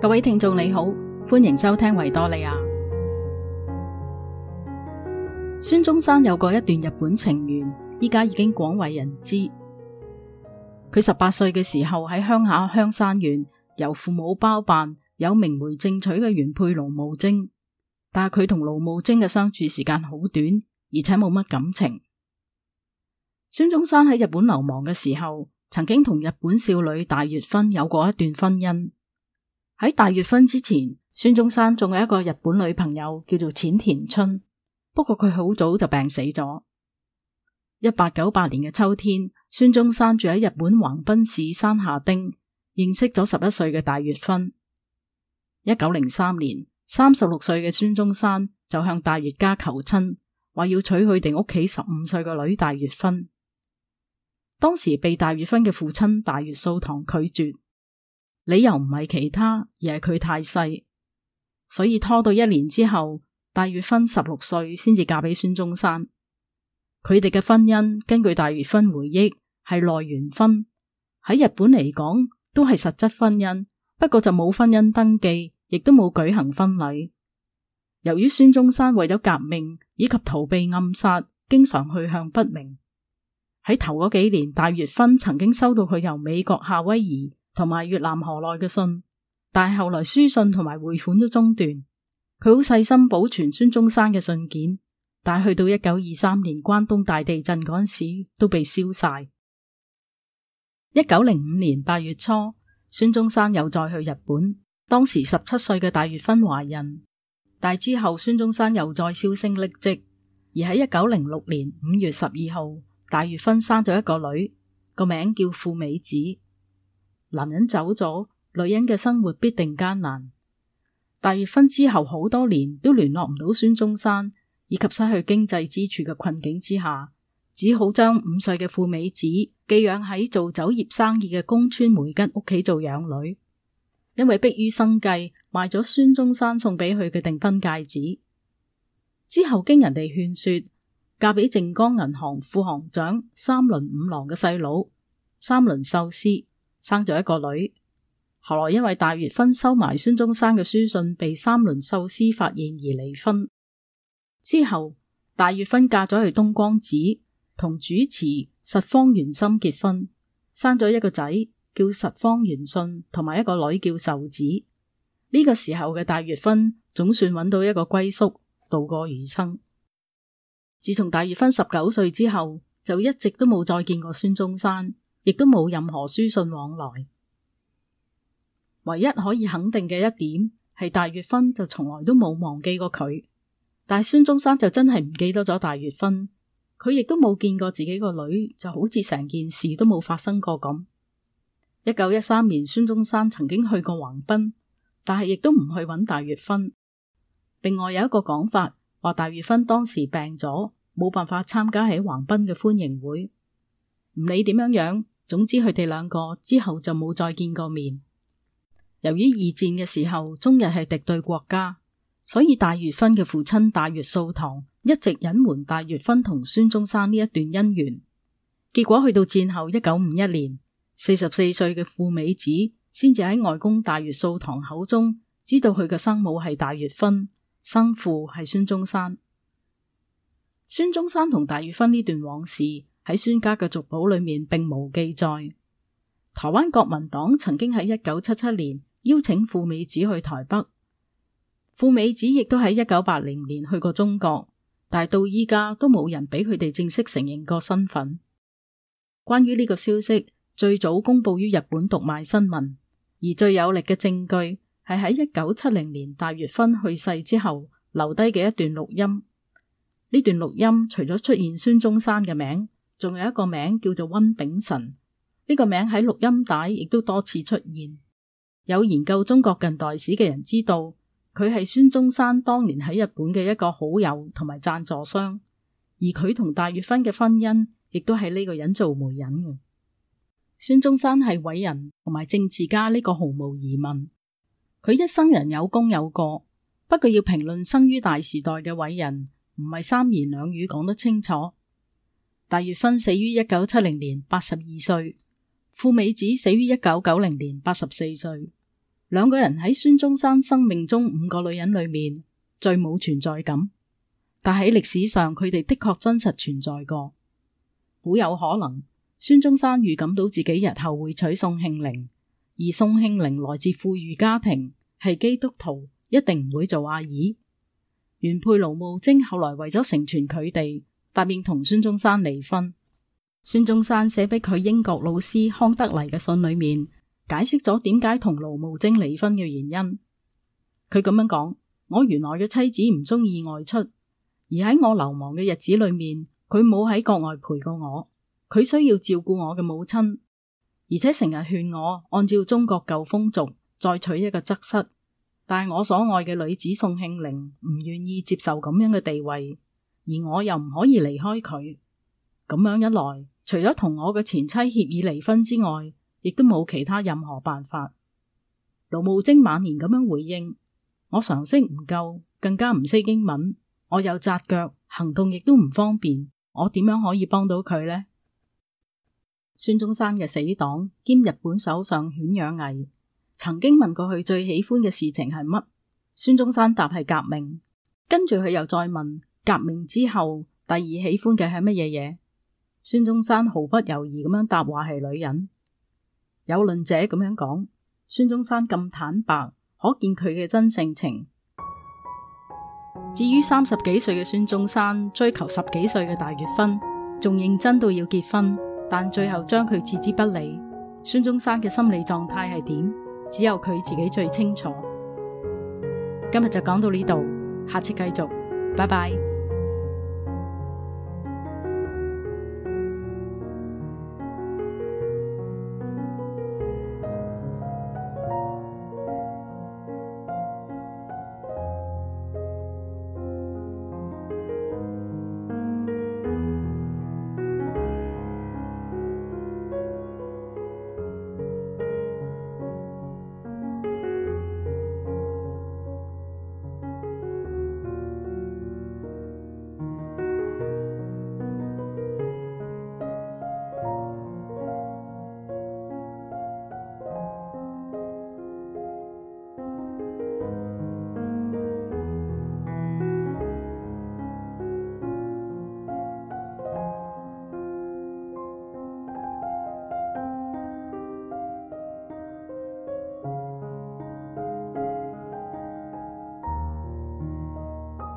各位聽眾你好，歡迎收聽維多利亞。孫中山有過一段日本情緣，依家已經廣為人知。佢十八歲嘅時候喺鄉下香山縣，由父母包辦有明媒正娶嘅原配盧慕貞，但係佢同盧慕貞嘅相處時間好短，而且冇乜感情。孫中山喺日本流亡嘅時候，曾經同日本少女大月薰有過一段婚姻。喺大月薰之前，孫中山仲有一個日本女朋友叫做淺田春，不過佢好早就病死咗。一八九八年嘅秋天，孫中山住喺日本橫濱市山下町，認識咗十一歲嘅大月薰。一九零三年，三十六歲嘅孫中山就向大月家求親，話要娶佢哋屋企十五歲嘅女大月薰，當時被大月薰嘅父親大月素堂拒絕。理由唔係其他，而係佢太細，所以拖到一年之後，大月薰十六歲先至嫁俾孫中山。佢哋嘅婚姻，根據大月薰回憶，係內緣婚，喺日本嚟講都係實質婚姻，不過就冇婚姻登記，亦都冇舉行婚禮。由於孫中山為咗革命以及逃避暗殺，經常去向不明。喺頭嗰幾年，大月薰曾經收到佢由美國夏威夷，同埋越南河內嘅信，但係後來書信同埋匯款都中斷。佢好細心保存孫中山嘅信件，但係去到一九二三年關東大地震嗰陣時，都被燒晒。一九零五年八月初，孫中山又再去日本，當時十七歲嘅大月薰懷孕，但係之後孫中山又再銷聲匿跡。而喺一九零六年五月十二號，大月薰生咗一個女，個名叫富美子。男人走咗，女人嘅生活必定艱難。大月婚之後，好多年都聯絡唔到孫中山，以及失去經濟支柱嘅困境之下，只好將五歲嘅富美子寄養喺做酒業生意嘅宮村梅根屋企做養女。因為迫於生計，賣咗孫中山送俾佢嘅訂婚戒指之後，經人哋勸說，嫁俾靖江銀行副行長三輪五郎嘅細佬三輪壽司。生咗一個女，後來因為大月薰收埋孫中山嘅書信，被三輪秀司發現而離婚。之後，大月薰嫁咗去東光寺，同主持實方元心結婚，生咗一個仔叫實方元信，同埋一個女叫壽子。呢、這個時候嘅大月薰總算揾到一個歸宿，度過餘生。自從大月薰十九歲之後，就一直都冇再見過孫中山。亦都冇任何書信往來，唯一可以肯定嘅一點係大月薰就從來都冇忘記過佢，但係孫中山就真係唔記得咗大月薰，佢亦都冇見過自己個女，就好似成件事都冇發生過咁。一九一三年，孫中山曾經去過橫濱，但係亦都唔去揾大月薰。另外有一個講法話大月薰當時病咗，冇辦法參加喺橫濱嘅歡迎會。唔理點樣樣。總之，佢哋兩個之後就冇再見過面。由於二戰嘅時候，中日係敵對國家，所以大月薰嘅父親大月素堂一直隱瞞大月薰同孫中山呢一段姻緣。結果去到戰後一九五一年，四十四歲嘅富美子先至喺外公大月素堂口中知道佢嘅生母係大月薰，生父係孫中山。孫中山同大月薰呢段往事，喺孫家嘅族譜裏面，並無記載。台灣國民黨曾經喺一九七七年邀請富美子去台北，富美子亦都喺一九八零年去過中國，但係到依家都冇人俾佢哋正式承認過身份。關於呢個消息，最早公布於日本讀賣新聞，而最有力嘅證據係喺一九七零年大月薰去世之後留低嘅一段錄音。呢段錄音除咗出現孫中山嘅名。仲有一個名叫做溫炳臣，呢個名喺錄音帶亦都多次出現。有研究中國近代史嘅人知道，佢係孫中山當年喺日本嘅一個好友同埋贊助商，而佢同大月薰嘅婚姻亦都係呢個人做媒人嘅。孫中山係偉人同埋政治家，呢個毫無疑問。佢一生人有功有過，不過要評論生於大時代嘅偉人，唔係三言兩語講得清楚。大月薰死於一九七零年，八十二歲；富美子死於一九九零年，八十四歲。兩個人喺孫中山生命中五個女人裏面最冇存在感，但喺歷史上佢哋的確真實存在過。好有可能孫中山預感到自己日後會娶宋慶齡，而宋慶齡來自富裕家庭，係基督徒，一定唔會做阿姨。原配盧慕貞後來為咗成全佢哋，答應同孫中山離婚。孫中山寫俾佢英國老師康德黎嘅信裏面，解釋咗點解同盧慕貞離婚嘅原因。佢咁樣講：我原來嘅妻子唔中意外出，而喺我流亡嘅日子裏面，佢冇喺國外陪過我，佢需要照顧我嘅母親，而且成日勸我按照中國舊風俗再娶一個側室。但係我所愛嘅女子宋慶齡唔願意接受咁樣嘅地位。而我又唔可以離開佢，咁樣一來，除咗同我嘅前妻協議離婚之外，亦都冇其他任何辦法。盧慕貞晚年咁樣回應：我常識唔夠，更加唔識英文，我又紮腳，行動亦都唔方便，我點樣可以幫到佢呢？孫中山嘅死黨兼日本首相犬養毅曾經問過佢最喜歡嘅事情係乜，孫中山答係革命，跟住佢又再問。革命之後，第二喜歡嘅係乜嘢嘢？孫中山毫不猶豫咁樣答話係女人。有論者咁樣講，孫中山咁坦白，可見佢嘅真性情。至於三十幾歲嘅孫中山追求十幾歲嘅大月薰，仲認真到要結婚，但最後將佢置之不理。孫中山嘅心理狀態係點？只有佢自己最清楚。今日就講到呢度，下次繼續，拜拜。